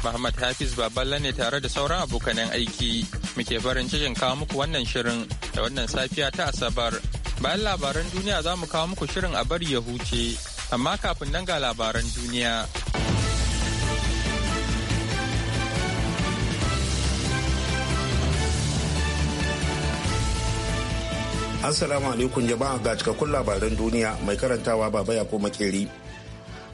Muhammad Hafiz Baballa ne tare da sauran abokanen aiki muke farin cikin kawo muku wannan shirin da wannan safiya ta Asabar. Bayan labaran duniya za mu kawo muku shirin a bari ya huce amma kafin nan ga labaran duniya. Assalamu alaikum jama'a ga cikakkun labaran duniya mai karantawa baba ya ko makeri.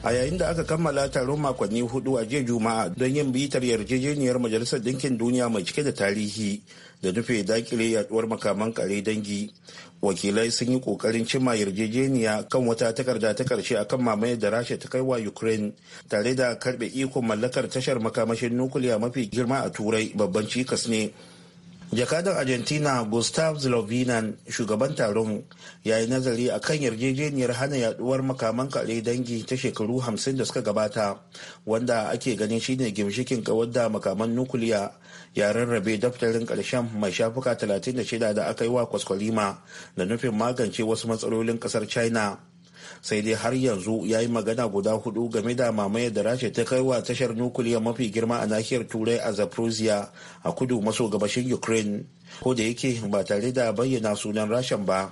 a yayin da aka kammala taron makonni hudu a jiya juma'a don yin bitar yarjejeniyar majalisar Dinkin duniya mai cike da tarihi da nufe dakile yaduwar makaman kare dangi wakilai sun yi kokarin cimma yarjejeniya kan wata takarda ta karshe akan mamayar da rasha ta kai wa ukraine tare da karbe ikon mallakar tashar makamashin nukiliya mafi girma a turai babban cikas ne jakadan argentina gustav zlovinan shugaban taron ya yi nazari a kan yarjejeniyar hana yaduwar makaman kare dangi ta shekaru 50 da suka gabata wanda ake ganin shine gimshikin kawar da makaman nukuliya ya rarrabe daftarin karshen mai shafuka 36 da aka yi wa kwaskwalima da nufin magance wasu matsalolin kasar china sai dai har yanzu ya yi magana guda hudu game da mamayar da rasha ta kai wa tashar nukiliya mafi girma a nahiyar turai a zaporozhia a kudu maso gabashin ukraine ko da yake ba tare da bayyana sunan rashan ba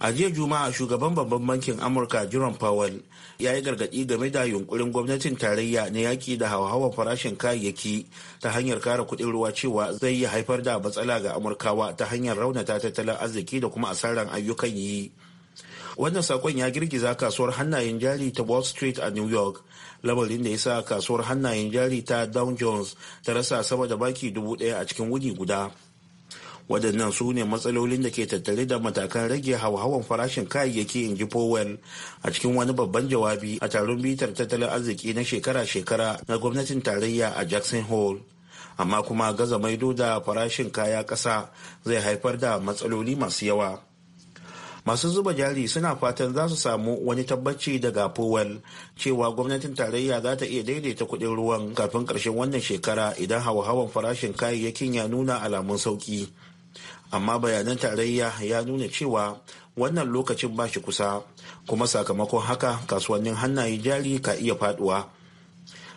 a jiya juma'a shugaban babban bankin amurka jiran powell ya yi gargaɗi game da yunkurin gwamnatin tarayya na yaki da hauhawar farashin kayayyaki ta hanyar kara kuɗin ruwa cewa zai yi haifar da matsala ga amurkawa ta hanyar raunata tattalin arziki da kuma asarar ayyukan yi wannan sakon ya girgiza kasuwar hannayen jari ta wall street a new york lamarin da ya sa kasuwar hannayen jari ta dow jones ta rasa sama da baki dubu daya a cikin wuni guda waɗannan su ne matsalolin da ke tattare da matakan rage hauhawan farashin kayayyaki in ji powell a cikin wani babban jawabi a taron bitar tattalin arziki na shekara-shekara na gwamnatin tarayya a jackson hole amma kuma gaza maido da farashin kaya ƙasa zai haifar da matsaloli masu yawa masu zuba jari suna fatan za su samu wani tabbaci daga powell cewa gwamnatin tarayya za ta iya daidaita kuɗin ruwan kafin ƙarshen wannan shekara idan hawa-hawan farashin kayayyakin ya nuna alamun sauki amma bayanan tarayya ya nuna cewa wannan lokacin ba shi kusa kuma sakamakon haka kasuwannin hannaye jari ka iya faduwa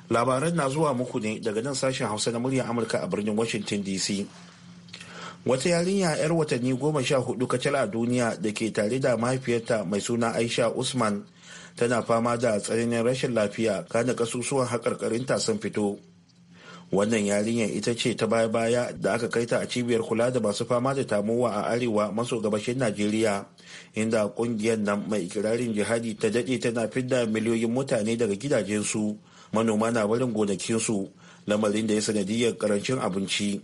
labaran na zuwa muku ne daga nan sashen hausa na muryar amurka a birnin washington dc wata yarinya 'yar watanni goma sha hudu kacal a duniya da ke tare da mahaifiyarta mai suna aisha usman tana fama da tsananin rashin lafiya kana kasusuwan haƙarƙarinta sun fito wannan yarinyar ita ce ta baya-baya da aka kai ta a cibiyar kula da masu fama da tamowa a arewa maso gabashin najeriya inda kungiyar nan mai ikirarin jihadi ta daɗe tana fidda miliyoyin mutane daga gidajensu manoma na barin gonakinsu lamarin da ya sanadiyar karancin abinci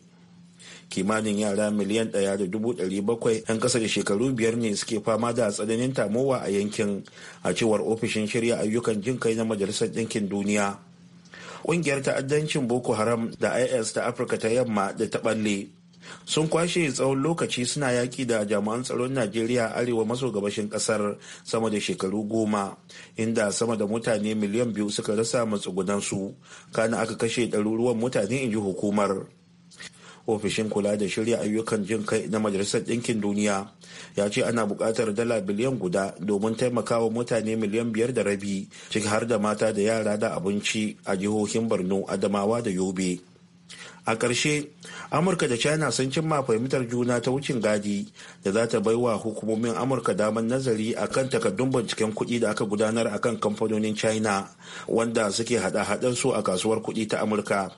kimanin yara miliyan ɗaya da dubu ɗari bakwai 'yan ƙasa da shekaru biyar ne suke fama da tsananin tamowa a yankin a cewar ofishin shirya ayyukan jin kai na majalisar ɗinkin duniya ƙungiyar ta'addancin boko haram da is ta afirka ta yamma da ta ɓalle sun kwashe tsawon lokaci suna yaƙi da jami'an tsaron najeriya arewa maso gabashin ƙasar sama da shekaru goma inda sama da mutane miliyan biyu suka rasa matsugunansu kana aka kashe ɗaruruwan mutane in ji hukumar ofishin kula da shirya ayyukan jin kai na majalisar ɗinkin duniya ya ce ana buƙatar dala biliyan guda domin taimakawa mutane miliyan biyar da rabi ciki har da mata da yara da abinci a jihohin borno adamawa da yobe a ƙarshe amurka da china sun cimma fahimtar juna ta wucin gadi da za ta baiwa hukumomin amurka damar nazari a kan takardun binciken kuɗi da aka gudanar a kan kamfanonin china wanda suke hada-hadan su a kasuwar kuɗi ta amurka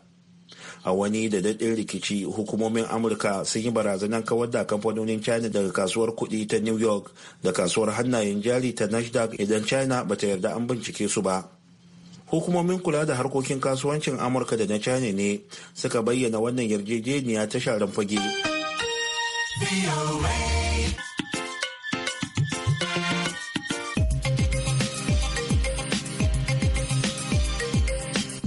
a wani da daɗin rikici hukumomin amurka sun yi barazanar kawar da kamfanonin china daga kasuwar kuɗi ta new york da kasuwar hannayen jari ta nasdaq idan china bata yarda an bincike su ba hukumomin kula da harkokin kasuwancin amurka da na china ne suka bayyana wannan yarjejeniya ta sharan fage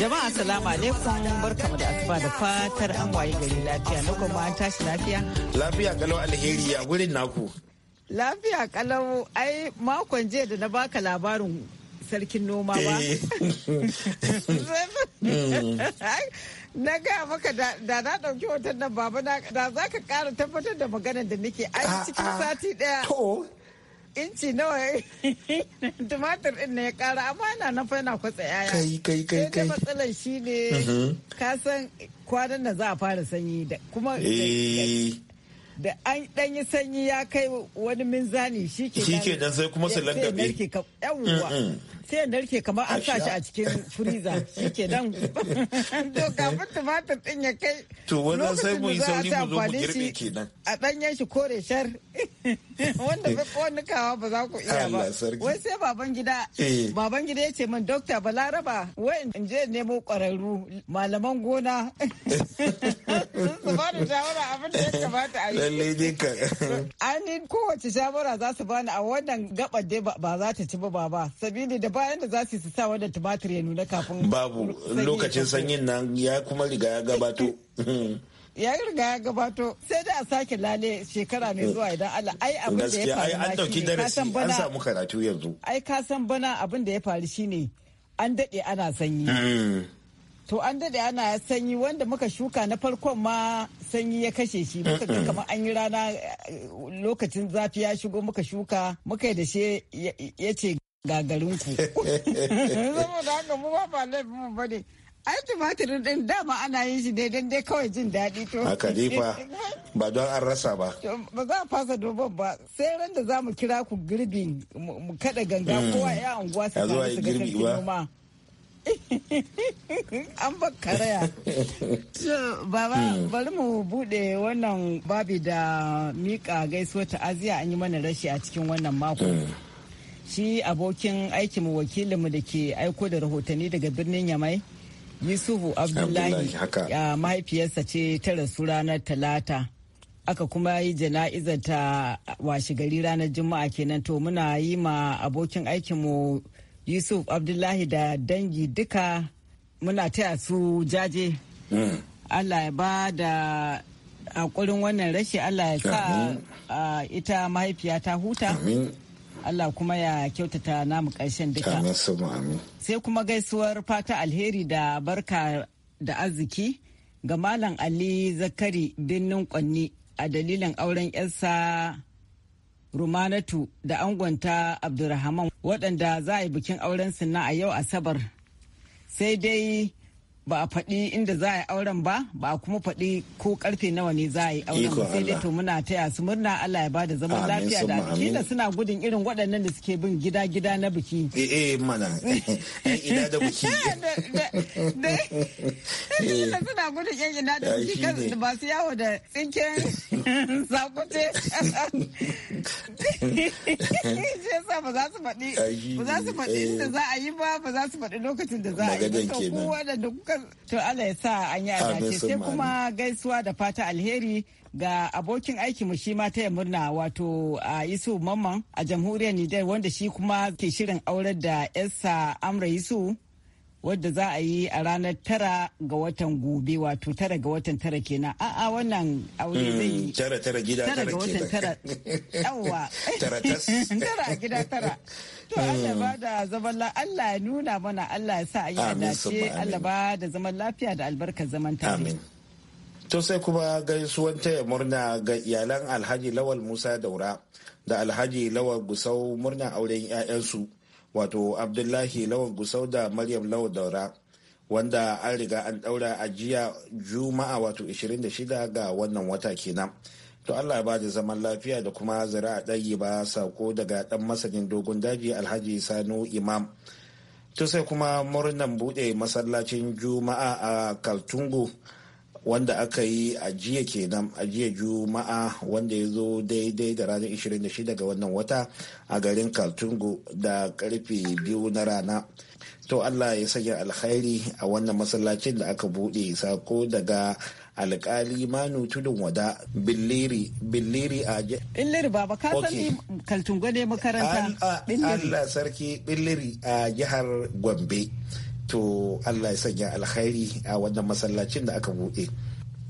Jama'a salamu alaikum barkamu da asuba da fatar an waye gari lafiya na kuma an tashi lafiya. Lafiya kalau alheri ya wurin naku. Lafiya kalau ai makon jiya da na baka labarin sarkin noma ba. Eh. Na gaya maka da na ɗauki hoton nan baba da za ka ƙara tabbatar da maganar da nake ai ah, cikin ah. sati ɗaya. inci nawa tumatir din ne ya kara amma yana na fa yana kwatsa yaya kai kai kai kai matsalar shi ne mm-hmm. ka san kwanan da za a fara sanyi da kuma da eh. an dan yi sanyi ya kai wani minzani shi ke dan sai kuma su langabe sai narke kamar an sa shi a cikin freezer shi ke dan to kafin tumatir din ya kai to wanda sai mu yi sauri mu zo mu girbe kenan a danyen shi kore shar wanda ba wani kawa ba za ku iya ba wai sai baban gida eh. baban gida ya ce min dokta balaraba wai in je nemo kwararru malaman gona su ba da shawara abin da ya kamata a yi lallai ne ka an kowace shawara za su bani a wannan gabar dai ba za ta ci ba ba sabili da bayan da za su sa wadda tumatir ya nuna kafin babu lokacin sanyin nan ya kuma riga ya gabato ya riga ya gabato sai da a sake lale shekara mai zuwa idan Allah ai abin da ya faru ai an dauki darasi an samu karatu yanzu ai ka san bana abin da ya faru shine an dade ana sanyi mm. to an dade ana sanyi wanda muka shuka na farkon ma sanyi ya kashe shi muka ga kamar an yi rana eh, lokacin zafi ya shigo muka shuka muka yi da shi ya ce gagarin ku. Saboda haka mu ba ba laifin mu bane. Ai tumatir din dama ana yin shi daidai dai kawai jin daɗi to. Haka dai fa ba don an rasa ba. Ba za a fasa doban ba sai ran da za mu kira ku girbin mu kada ganga hmm. kowa ya unguwa su ga su ga ba. An ba karaya. Baba hmm. bari mu bude wannan babi da mika ta aziya an yi mana rashi a cikin wannan mako. Hmm. shi abokin aikinmu wakilinmu da ke aiko da rahotanni daga birnin yamai yusufu abdullahi mahaifiyarsa ce ta rasu ranar talata aka kuma yi jana'izar ta washe gari ranar juma'a kenan to muna yi ma abokin aikinmu yusuf abdullahi da dangi duka muna taya su jaje hmm. allah ya ba da hakurin wannan rashi allah ya sa ita mahaifiya ta huta Allah kuma ya kyautata namu ƙarshen duka. Sai kuma gaisuwar fata alheri da barka da arziki ga Malam Ali Zakari birnin Kwanni a dalilin auren 'yarsa Rumanatu da angonta Abdulrahman waɗanda za a yi bikin aurensu na a yau Asabar. Sai dai ba a faɗi inda za a yi auren ba ba a kuma faɗi ko karfe nawa ne za a yi auren ba sai dai to muna taya su murna Allah ya bada zaman lafiya da da suna gudun irin waɗannan da suke bin gida gida na biki eh eh mana ina da biki eh. kila suna gudun yan ina da biki kan ba su yawo da tsinken zakute sai sa ba za su faɗi ba za su faɗi inda eh. za a yi ba ba za su faɗi lokacin da za a yi ba to waɗanda to Allah ya sa an yi adace sai kuma gaisuwa da fata alheri ga abokin aiki mu shi ma taya murna wato a Yusuf Mamman a jamhuriyar Nijar wanda shi kuma ke shirin aurar da yarsa Amra Yusuf wadda za a yi a ranar tara ga watan gobe wato tara ga watan tara kenan a'a wannan aure hmm, zai yi tara tara gida tara ga watan tara yawa tara tara gida tara to Allah hmm. ba da zaman lafiya Allah ya nuna mana Allah ya sa a yi adace Allah ba da zaman lafiya da albarkar zaman tare amin to sai kuma gaisuwan taya murna ga iyalan Alhaji Lawal Musa Daura da Alhaji Lawal Gusau murna auren 'ya'yansu. wato abdullahi lawan gusau da maryam lawa daura wanda an riga an daura a jiya juma'a wato 26 ga wannan wata kenan to allah ba da zaman lafiya da kuma a dayi ba sako daga dan masanin dogon daji alhaji sanu imam to sai kuma murnan buɗe masallacin juma'a a kaltungu wanda aka yi a jiya kenan a jiya juma'a wanda ya zo daidai da ranar 26 ga wannan wata a garin kaltungu da karfe biyu na rana to allah ya sanya alkhairi a wannan masallacin da aka buɗe sako daga alkali manu tudun wada billiri billiri a billiri baba ka san kaltungo ne makaranta allah sarki billiri a jihar gombe to Allah ya sanya alkhairi a wannan masallacin da aka buɗe.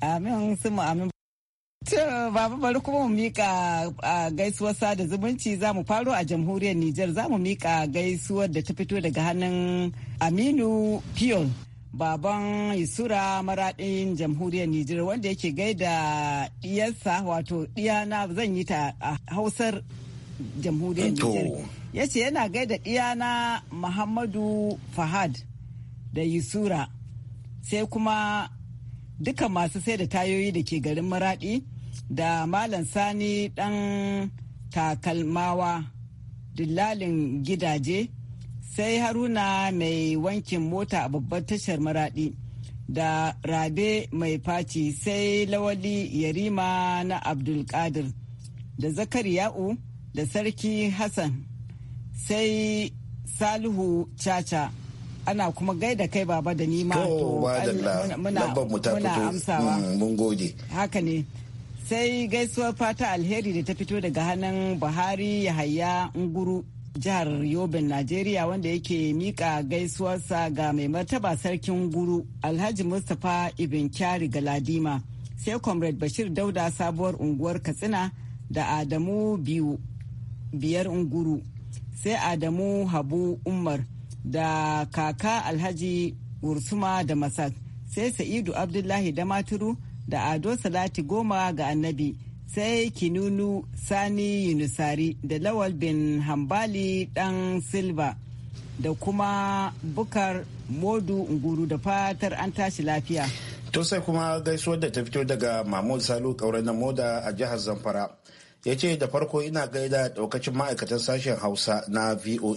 Amin sun amin. To babu bari kuma mu mika gaisuwar sada zumunci za mu faro a jamhuriyar Nijar za mu mika gaisuwar da ta fito daga hannun Aminu Piyon. Baban Isura maraɗin jamhuriyar Nijar wanda yake gaida ɗiyarsa wato ɗiyana zan yi ta a hausar jamhuriyar Nijar. Ya ce yana gaida ɗiyana Muhammadu Fahad. da Yusura sai kuma duka masu sai da tayoyi da ke garin Maradi da Malam Sani dan takalmawa dillalin gidaje sai Haruna mai wankin mota a babbar tashar Maradi da Rabe mai faci sai Lawali Yarima na Abdulkadir da Zakariya'u da Sarki Hassan sai Salihu caca. ana kuma gaida kai baba da nima to muna amsawa mm, mun haka ne sai gaisuwar fata alheri da ta fito daga hannun buhari yahaya nguru jihar yobin najeriya wanda yake mika gaisuwarsa ga mai martaba sarkin guru alhaji mustapha ibn kyari ladima sai comrade bashir dauda sabuwar unguwar katsina da adamu biyu biyar unguru sai adamu habu umar da kaka alhaji wursuma da masat sai sa'idu abdullahi da maturu da ado salati goma ga annabi sai kinunu sani yunusari da lawal bin hambali dan silva da kuma bukar modu nguru da fatar an tashi lafiya to sai kuma gaisuwar da ta fito daga mahmud salu kauren na moda a jihar zamfara ya ce da farko ina gaida daukacin ma'aikatan sashen hausa na voa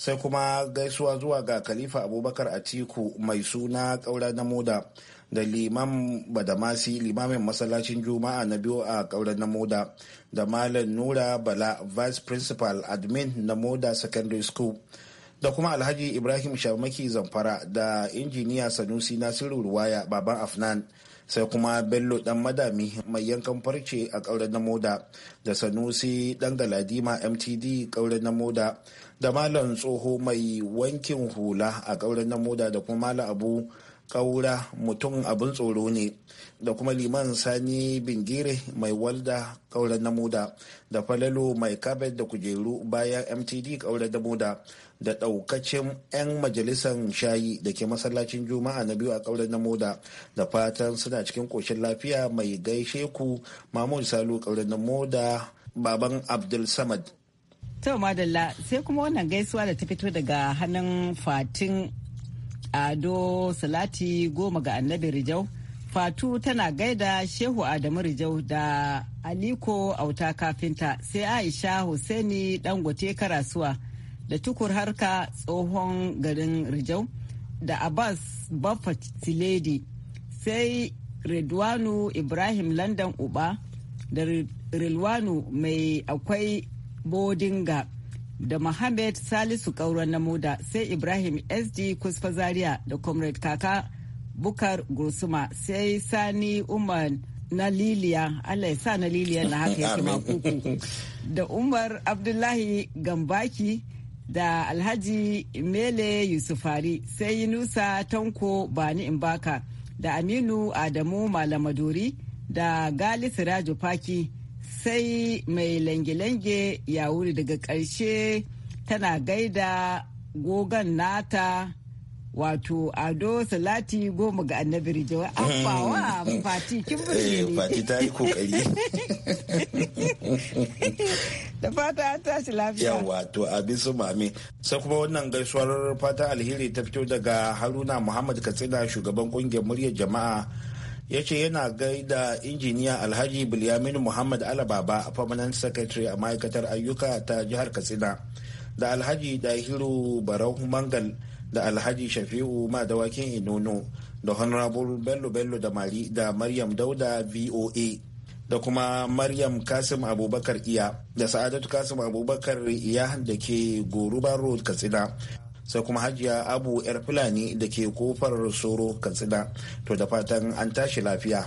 sai kuma gaisuwa zuwa ga khalifa abubakar atiku mai suna ƙaura na moda da liman badamasi limamin masallacin juma'a na biyu a ƙaurar na moda da malam nura bala vice principal admin na moda secondary school da kuma alhaji ibrahim shamaki zamfara da injiniya sanusi nasiru ruwaya baban afnan sai kuma bello dan madami mai yankan farce a ƙaure na moda da sanusi dan galadima mtd ƙaure na moda da malam tsoho mai wankin hula a ƙaure na moda da kuma malam abu kaura mutum abin tsoro ne da kuma liman sani bingire mai walda na namuda da falalo mai kabet da kujeru bayan mtd ƙaurar namuda da ɗaukacin 'yan majalisar shayi da ke masallacin juma'a na biyu a na namuda da fatan suna cikin koshin lafiya mai gaishe ku mahmud salu na namuda baban abdul samad to madalla sai kuma wannan gaisuwa da ta fito daga hannun fatin ado salati goma ga annabi rijau fatu tana gaida shehu adamu rijau da aliko auta kafinta sai aisha hussaini dangote karasuwa da tukur harka tsohon garin rijau da abbas buffet siledi sai redwanu ibrahim london uba da rilwanu mai akwai bodinga da Mohammed Salisu Kauran na Moda sai Ibrahim SD Kusfa Zaria da Comrade Kaka Bukar Gursuma sai Sani Umar na Liliya Allah ya sa na Liliya na haka yake makuku da Umar Abdullahi Gambaki da Alhaji Mele Yusufari sai Yunusa Tanko Bani Imbaka da Aminu Adamu Malamadori da Gali Siraju Faki. sai mai lange-lange ya wuri daga ƙarshe tana gaida gogon nata wato ado salati goma ga annabi rijewa afawa fati kin ne eh, fati ta yi kokari da fata an tashi lafiya yawa to abin su mami sai kuma wannan gaisuwar fata alheri ta fito daga haruna muhammad katsina shugaban kungiyar muryar jama'a ya ce yana gaida injiniya alhaji bilyamin muhammad alababa a permanent secretary a ma'aikatar ayyuka ta jihar katsina da alhaji dahiru barau mangal da alhaji shafi'u madawakin inono da honorable bello bello da mari da maryam dauda voa da kuma maryam kasim abubakar iya da sa'adatu kasim abubakar iya da ke goruba road katsina sai kuma hajiya abu yar fulani da ke kofar soro katsina to da fatan an tashi lafiya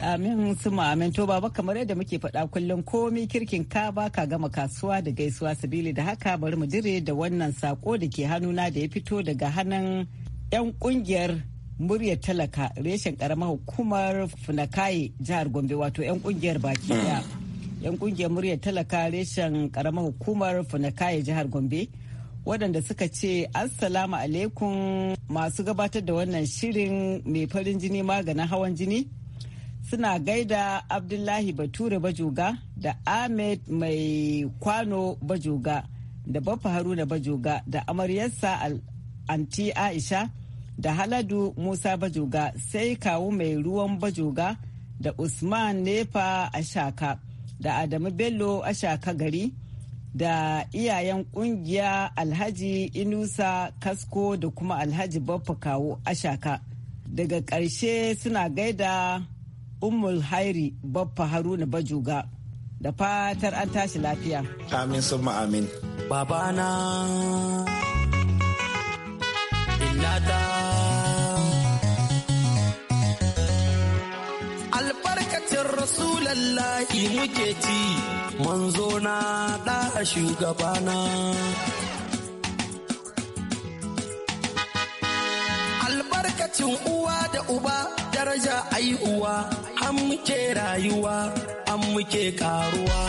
amin su amin to baba kamar yadda muke faɗa kullum komi kirkin ka baka gama kasuwa da gaisuwa sabili da haka bari mu dire da wannan sako da ke hannuna da ya fito daga hannun 'yan kungiyar muryar talaka reshen karamar hukumar funakaye jihar gombe wato 'yan kungiyar baki daya yan hmm. kungiyar muryar talaka reshen karamar hukumar funakaye jihar gombe waɗanda suka ce assalamu alaikum masu gabatar da wannan shirin mai farin jini maganin hawan jini suna gaida abdullahi bature bajoga da ahmed mai kwano bajoga da baffa haruna bajoga da amaryarsa anti aisha da haladu musa bajoga sai kawu mai ruwan bajoga da usman nefa ashaka da adamu bello ashaka gari da iyayen kungiya alhaji inusa kasko da kuma alhaji baffa kawo ashaka daga ƙarshe suna gaida umul hairi baffa haruna bajuga da fatar an tashi lafiya amin sun amin babana inata rasulallahi muke ci manzo na da shugabana albarkacin uwa da uba daraja aihuwa an muke rayuwa an muke karuwa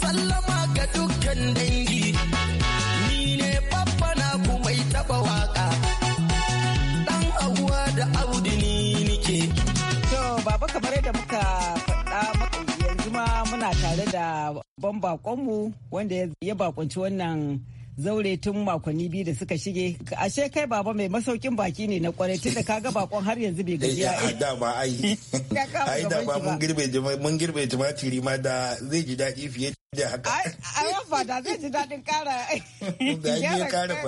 sallama ga dukkan dai baba kamar yadda muka faɗa yanzu ma muna tare da ban bakonmu wanda ya bakunci wannan zaure tun makonni biyu da suka shige ashe kai baba mai masaukin baki ne na kwarai tunda ka ga bakon har yanzu bai gajiya eh, ai da ma ai ai da ba mun girbe mun girbe tumatiri ma da zai ji daɗi fiye da haka ai ba da zai ji daɗin kara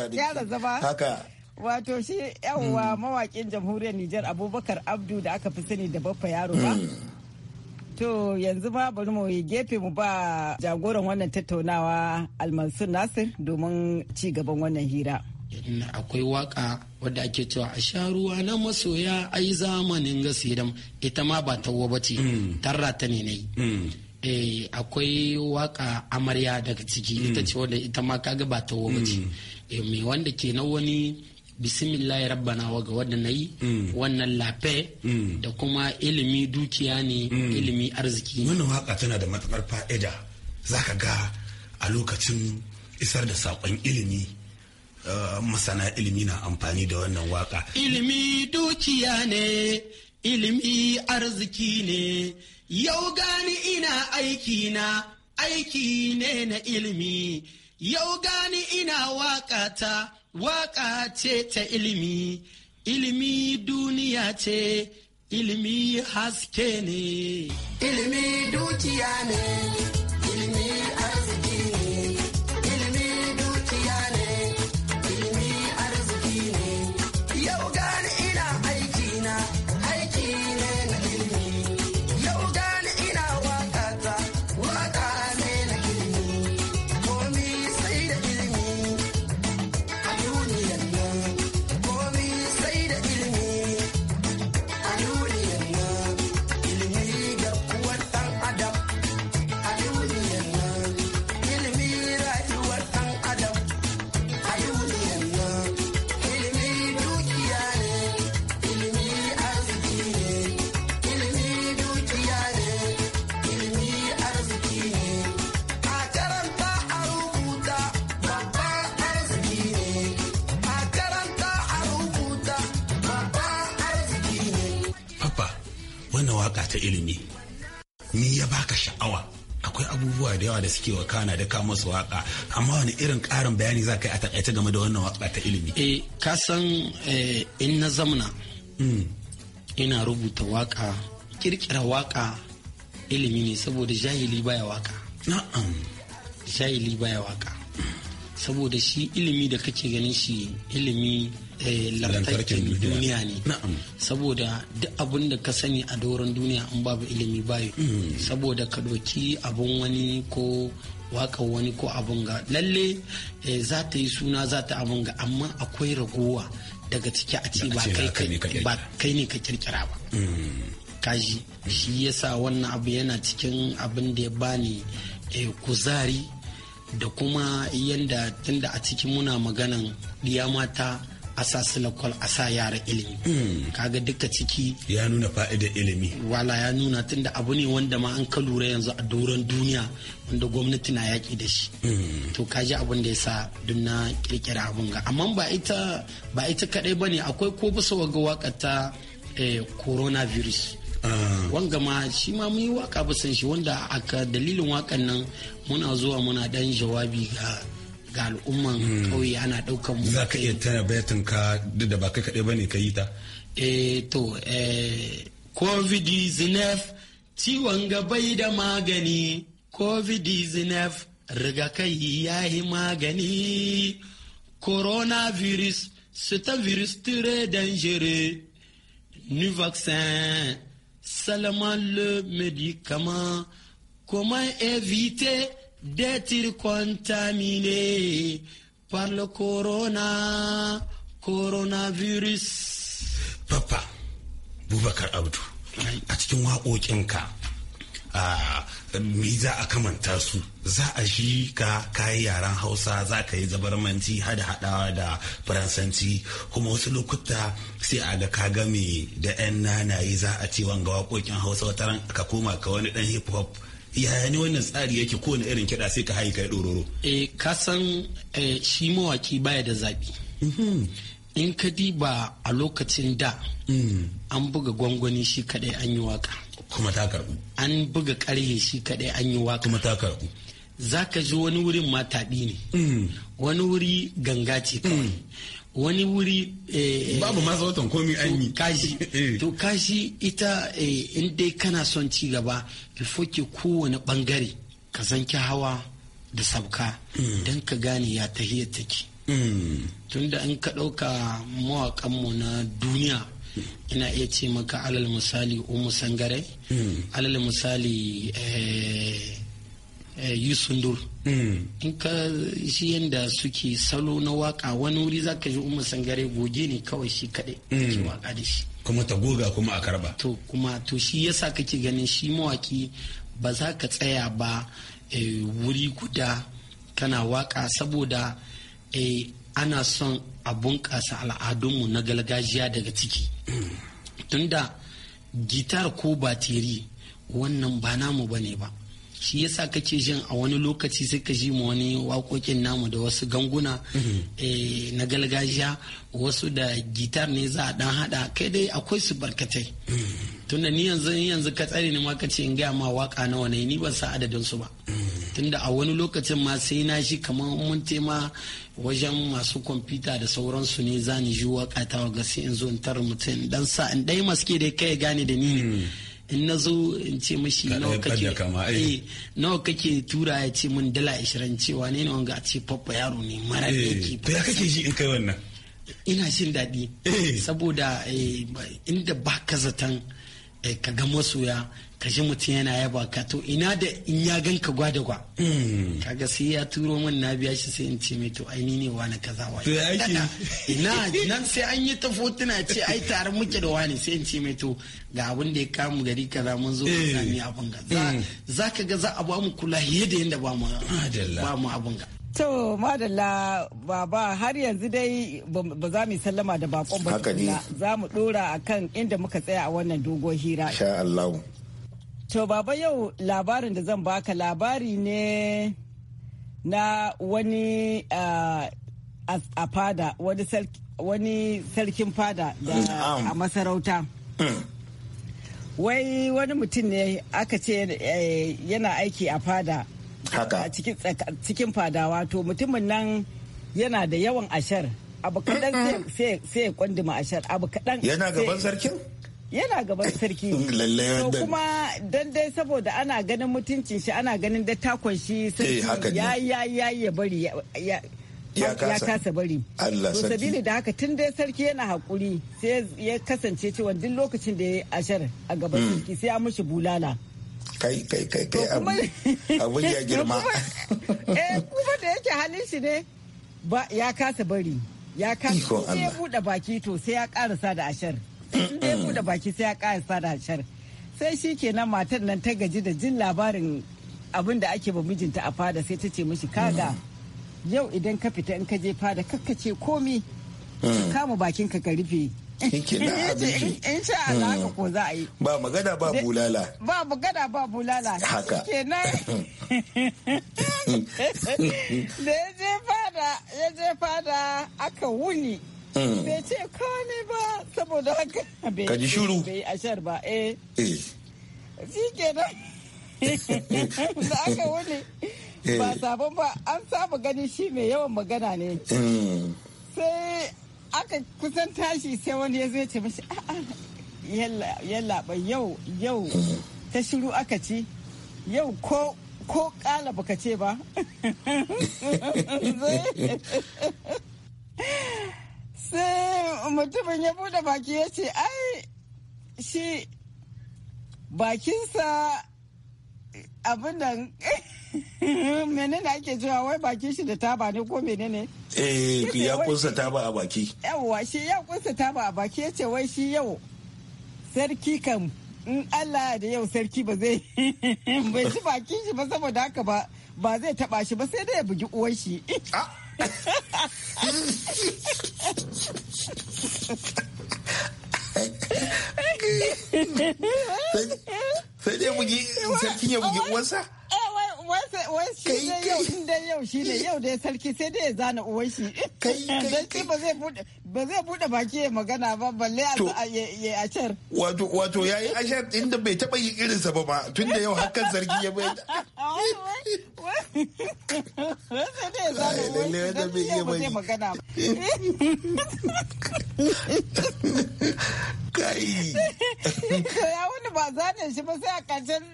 gyara zama haka wato shi yawwa hmm. mawakin jamhuriyar Nijar Abubakar Abdu da aka fi sani da baffa yaro ba. Hmm. To yanzu ma bari mu gefe mu ba jagoran wannan tattaunawa Almansur Nasir domin ci gaban wannan hira. akwai waka wadda ake cewa a sha ruwa na masoya ai zamanin gasiram ita ma ba tawo ba ce hmm. tarra ta ne eh, akwai waka amarya daga ciki ita ce wadda ita ma kaga ba tawo ba ce mai eh, wanda ke na wani bismillahi rabbana waga ga wadda na yi mm. wannan lafe mm. da kuma ilimi dukiya ne mm. ilimi arziki wannan waka tana da matukar fa'ida ka ga a lokacin isar da saƙon ilimi uh, masana ilimi na amfani da wannan waka ilimi dukiya ne ilimi arziki ne yau gani ina aiki na aiki ne na ilimi yau gani ina waƙata Waƙa ce ta ilimi, ilimi duniya ce, ilimi haske ne. Ilimi dukiya ne. ta ilimi ni ya baka sha'awa akwai abubuwa da yawa da suke wakana da kama su waka amma wani irin karin bayani za ka yi a takaice game da wannan waka ta ilimi eh ka san eh, in na zamna hmm. ina rubuta waka kirkira waka ilimi ne saboda jahili baya waka na'am jahili baya waka saboda shi ilimi da kake ganin shi ilimi Eh, lantarkin duniya ne saboda duk abin da ka sani a doron duniya in babu ilimi bayu mm. saboda ka doki abin wani ko waka wani ko abin ga lalle eh, za ta yi suna za ta abin ga amma akwai ragowa daga ciki a ce ba kai ne ka kirkira ba kaji mm. shi yasa wannan abu yana cikin abin da ya bani eh, kuzari da kuma yadda tunda a cikin muna maganan diya mata a sa silakol a sa yara ilimi hmm. kaga duka ciki ya nuna fa'idar ilimi wala ya nuna tunda abu ne wanda ma an ka lura yanzu a doron duniya wanda gwamnati na yaki da shi hmm. to kaji abin da ya sa duk na kirkira abin ga amma ba ita ba ita kadai bane akwai ko bisa ga waka ta eh, coronavirus ah. wanga ma shi ma mun yi waka bisan shi wanda aka dalilin wakan nan muna zuwa muna dan jawabi ga ga al'umman kauye hmm. ana ɗaukan mu za ka iya tana bayatin ka duk da ba kai kaɗai bane ka yi ta eh to eh covid enough ciwon gabai da magani covid-19 riga ya yi magani coronavirus c'est un virus très dangereux ni vaccin seulement le médicament comment éviter detir contaminé par le corona, coronavirus. Papa, Bubakar Abdu, a cikin waƙoƙinka me za a kamanta su za a shi ka kayi yaren hausa za ka yi zabarmanci hada hadawa da faransanci kuma wasu lokuta sai a ga ka game da 'yan nanaye za a ce wanga waƙoƙin hausa wataran ka koma ka wani dan hip hop yaya ne wannan tsari yake kowane irin kiɗa sai ka haye kai ɗororo. E ka san eh, shi mawaki baya da zaɓi. Mm-hmm. in ka diba a lokacin da mm. an buga gwangwani shi kaɗai an yi waka. kuma ta karɓu. an buga ƙarhe shi kaɗai an yi waka. kuma ta karɓu. za ka ji wani wurin ma taɗi ne mm. wani wuri ganga ce kawai mm. wani wuri eh, babu ma watan komi an kashi eh. to kashi ita eh, in dai kana son ci gaba ki foke kowane bangare ka ki hawa da sabka Dan hmm. don ka gane ya tahiyar take hmm. tunda in ka ɗauka mu na duniya hmm. ina iya ce maka alal misali umu sangare alal misali Eh, yi sundur hmm. in ka shi yadda suke salo na waka wani wuri za ka ji umar sangare goge ne kawai shi kaɗai hmm. ke waka da shi kuma ta goga kuma a karba to kuma to shi yasa kake ganin shi mawaki ba za ka tsaya ba eh, wuri guda kana waka saboda eh, ana son a bunƙasa al'adunmu na gargajiya daga ciki hmm. tunda gitar ko batiri wannan ba namu ba ne ba shi yasa kake jin a wani lokaci sai ka ji wani waƙoƙin namu da wasu ganguna mm-hmm. eh, na galgajiya wasu da gitar ne za a dan hada kai dai akwai su barkatai mm-hmm. tunda ni yanzu yanzu ka tsare ni ma ka ce in gaya ma waka nawa ne ni ban sa adadin su ba mm-hmm. tunda a wani lokacin ma sai na shi kamar mun ma wajen masu kwamfuta da sauransu ne za ni ji waka ta wa gasi in zo in tar mutum dan sa in dai maske dai kai gane da ni ne in na zo in ce mashi nawa kake eh, kake tura ya ce min dala 20 cewa ne wanga a ce fafa yaro ne mara yake eh, ba ya kake ji in kai wannan ina jin daɗi eh. saboda inda ba ka zaton ka ga masoya ka ji mutum yana yaba ka to ina da in ya gan ka gwada gwa hmm. kaga sai ya turo min na biya shi sai in ce mai to ai ni ne wani kaza wani ina nan sai an yi ta fotuna ce ai tare muke da wani sai in ce mai to ga abin da ya kamu gari kaza mun zo mun eh. sami abin ga hmm. za ka ga za a ba mu kula yadda yadda ba mu abin ga To madalla baba har yanzu dai ba za mu sallama da bakon ba za mu dora akan inda muka tsaya a wannan dogon hira. Sha Allah. To baba yau labarin da zan baka labari ne na wani uh, a fada wani, wani sarkin fada da a masarauta. Hmm. Wai wani mutum ne aka ce eh, yana aiki a fada. Haka. Cikin fadawa to mutumin nan yana da yawan ashar. Abu kaɗan sai ya kwandima ashar. Abu kaɗan. Yana gaban sarkin? yana gaban sarki lallai kuma dan dai saboda ana ganin mutuncin shi ana ganin takon shi eh, sarki ya ya ya ya bari ya kasa bari Allah sarki sabili da haka tun dai sarki yana hakuri sai ya kasance cewa duk lokacin da ya ashar a gaban hmm. sarki sai ya mushi bulala kai kai kai kai abun ya girma eh kuma da yake halin shi ne ba ya kasa bari ya kasa ya bude baki to sai ya karasa da ashar in mu da baki sai ya kaya sada shar sai shi ke nan matan nan ta gaji da jin labarin abin da ake ba mijinta a fada sai ta ce mishi kaga yau idan ka fita in ka je fada kakkace komi hmm. kama bakin ka ka rufe in sha Allah haka ko za a yi ba magana ba bulala ba magana ba bulala haka kenan da ya je fada ya je fada aka wuni Mm. bai ce kome ba saboda haka bai shuru bai ashar ba eh, eh. shi kenan da aka wuni ba eh. sabon ba an saba gani shi mai yawan magana ne mm. sai aka kusan tashi sai wani ya zai ce mashi yalla ba yau yau mm. ta shiru aka ci yau ko ko kala baka ce ba sai mutumin ya bude baki ya ce ai shi bakinsa abinda menene ake cewa wai bakin shi da taba ne ko menene eh ya kunsa taba a baki yawwa shi ya kunsa taba a baki ya ce wai shi yau sarki kam in Allah da yau sarki ba zai bai shi bakin shi ba saboda haka ba ba zai taba shi ba sai dai ya bugi uwan shi ah, sai dai bugi sarkin ya bugi uwarsa yau shi ne yau dai sarki sai dai ya zana uwar shi don shi ba zai bude baki ya magana ba balle ya ashar wato wato ya yi ashar inda bai taba yi irinsa ba ba tun da yau hakan sarki ya bai Wasa Kai. Ya wani ba zane shi ba sai a ƙarshen.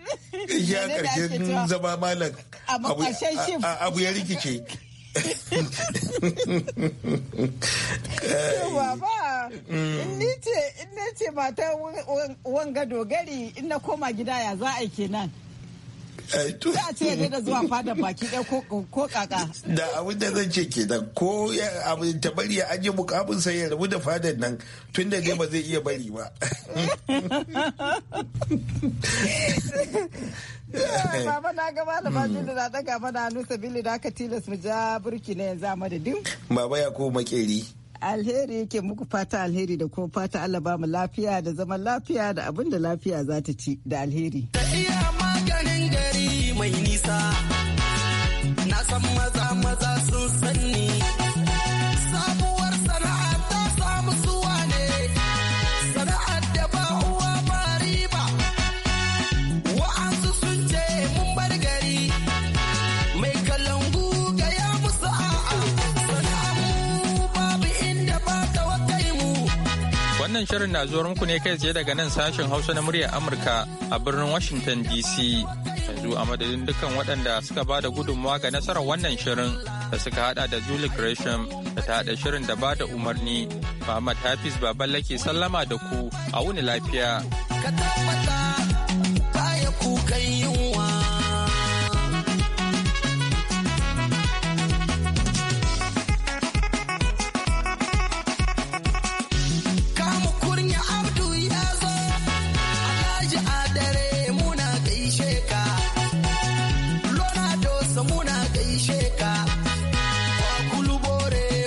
Ya ƙarshen zama malam. Abu ya rikice. Yawa ba, in ce mata wanga dogari in na koma gida ya za a kenan. Za a ce ya zuwa fadar baki ɗaya ko kaka. Da abin da zan ce ke nan, ko abin ta bari ya ajiye mukamin sai ya rabu da fadar nan tun da dai zai iya bari ba. Baba na da malama da na daga mana nusa bili, da aka tilas mu ja burki na yanzu a madadin. Baba ya ko makeri. alheri yake muku fata alheri da kuma fata Allah ba mu lafiya da zaman lafiya da abin da lafiya za ta ci da alheri. ganin gari mai nisa na san maza maza sun sani Wannan shirin na zuwa muku ne kai tsaye daga nan sashen Hausa na muryar Amurka a birnin Washington DC. Yanzu a madadin dukkan waɗanda suka ba da gudunmawa ga nasarar wannan shirin da suka hada da Julie Gresham da ta haɗa shirin da ba da umarni. Muhammad Hafiz ke sallama da ku a wuni lafiya. Ka